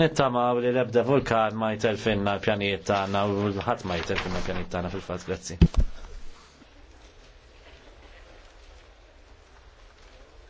Nittama u li l vulkan ma jitelfinna pjanijiet tagħna u ħadd ma jitelfinna pjanijiet tagħna fil-fatt, grazzi.